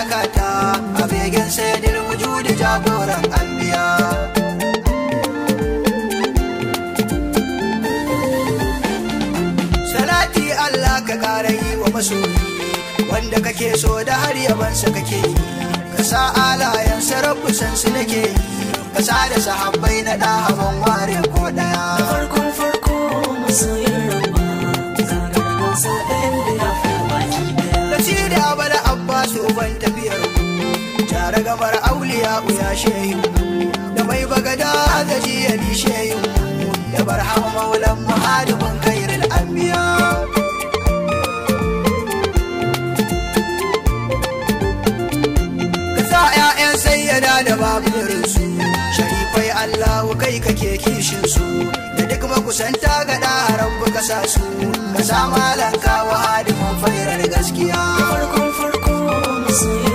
shakata a begen sai dil wujudi jagoran anbiya ka kara yi wa masoyi wanda kake so da har yabansa kake yi ka sa alayen san su nake yi ka sa da sahabbai na haban ware ko ɗaya farkon farko masoyin da tsarin Bara gabar auliya uya shehu da mai bagada da ni shehu da barhama maulan muhadimin kairul anbiya Ka sa 'ya'yan sayyada da babu irinsu sharifai Allahu kai kake kishin su da duk makusanta ga ɗaran buka sa su ka sa malanka wa hadimin fairar gaskiya farkon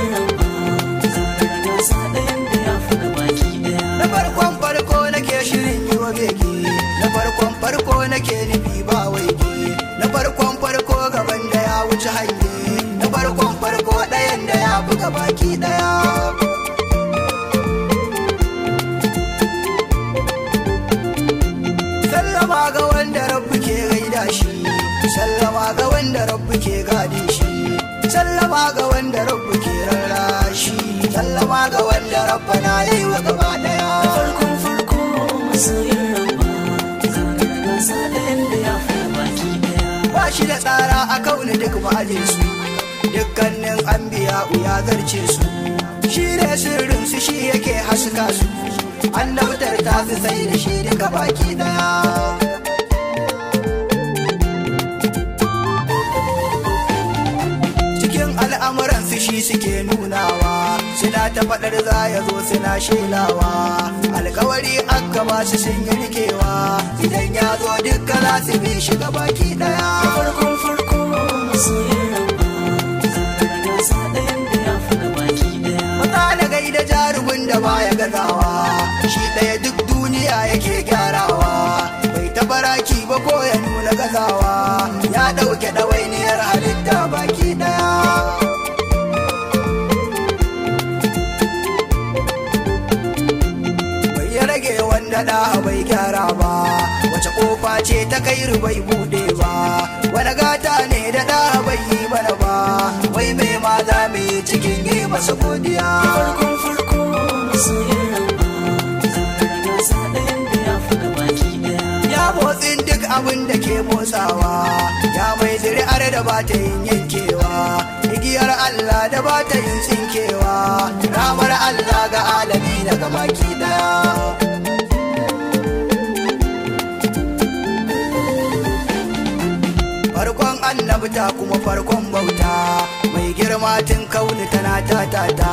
Da farkon farko ɗayan da ya buga baki ɗaya sallama ga wanda rabbi ke gaida shi sallama ga wanda rabbi ke gadin shi sallama ga wanda rabbi ke rara shi sallama ga wanda rabba na yi wa gaba ɗaya farkon farko masoyin rabba zanen gasa ɗayan da ya fi baki ɗaya ba shi da tsara a kauna duk ma'ajinsu dukkanin an biya ya zarce su shi ne sirrin su shi yake haska su annabtar ta su sai da shi duka baki daya al'amuransu shi suke nunawa suna ta faɗar za ya zo suna shelawa alkawari an ba su sun yi rikewa idan ya zo dukkan za su bi shi baki ɗaya farkon farko daɗa bai gyara ba wace ƙofa ce ta kai bai buɗe ba wani gata ne daɗa bai yi mana ba wai mai ma za mu yi cikin yi masu godiya farkon motsin duk abin da ke motsawa ya mai zuri'ar da ba ta yin yankewa igiyar Allah da ba ta yin tsinkewa ramar Allah ga alami daga gabaki daya ta kuma farkon bauta mai girma tun kauni tana ta ta ta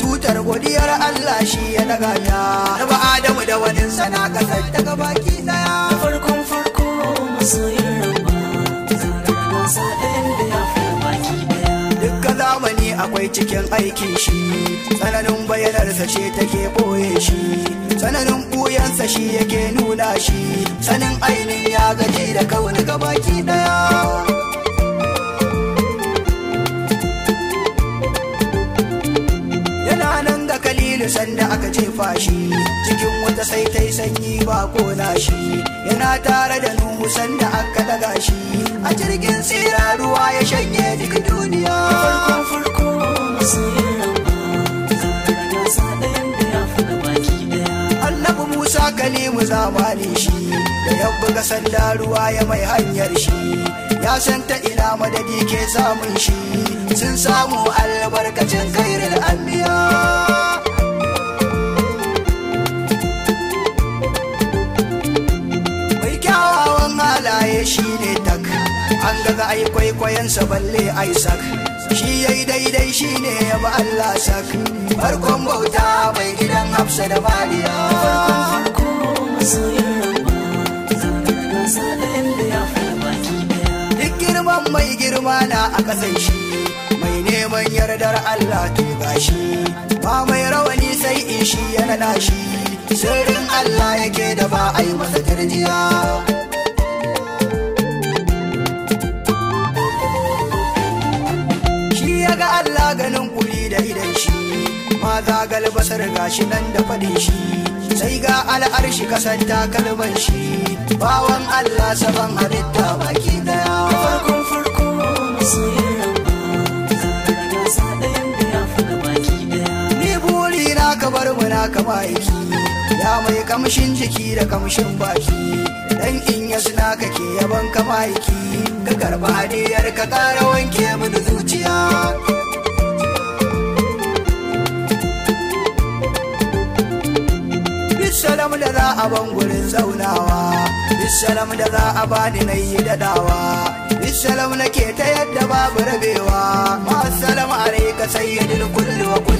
tutar godiyar Allah shi ya daga ta na ba Adamu da wani sana kasa ta ga baki daya farkon farko masoyin zamani akwai cikin aikin shi tsananin bayanarsa ce take ɓoye shi tsananin ɓuyansa shi yake nuna shi sanin ainihin ya gaji da kauna baki ɗaya. da aka jefa shi cikin wata sai ta yi sanyi ba ko shi yana tare da nuhu sanda aka daga shi a jirgin tsira ruwa ya shanye duk duniya farko mu musa kalimu zamani shi da ya buga sanda ruwa ya mai hanyar shi ya san ta ina madadi ke samun shi sun samu albarkacin kairar anbiya shi ne tak an gaga ai sa, balle ai sak shi yayi daidai shi ne ya ba Allah sak farkon bauta mai gidan hafsa da mariya duk girman mai girma na a kasan shi mai neman yardar Allah to gashi ba mai rawani sai in shi ya naɗa shi sirrin Allah yake da ba a yi masa tarjiya ma zagal basar gashi nan da faɗin shi sai ga al'arshi kasan takalman shi bawan Allah saban halitta baki daya farkon farko ni buri na kabar muna kama aiki ya mai kamshin jiki da kamshin baki dan in ya suna kake yaban ka aiki ka karba hadiyar ka kara wanke da zuciya a ban zaunawa Ishalam da za a bani na yi daɗawa Ishalam ke ta yadda babu rabewa a rai ka sayyadin wa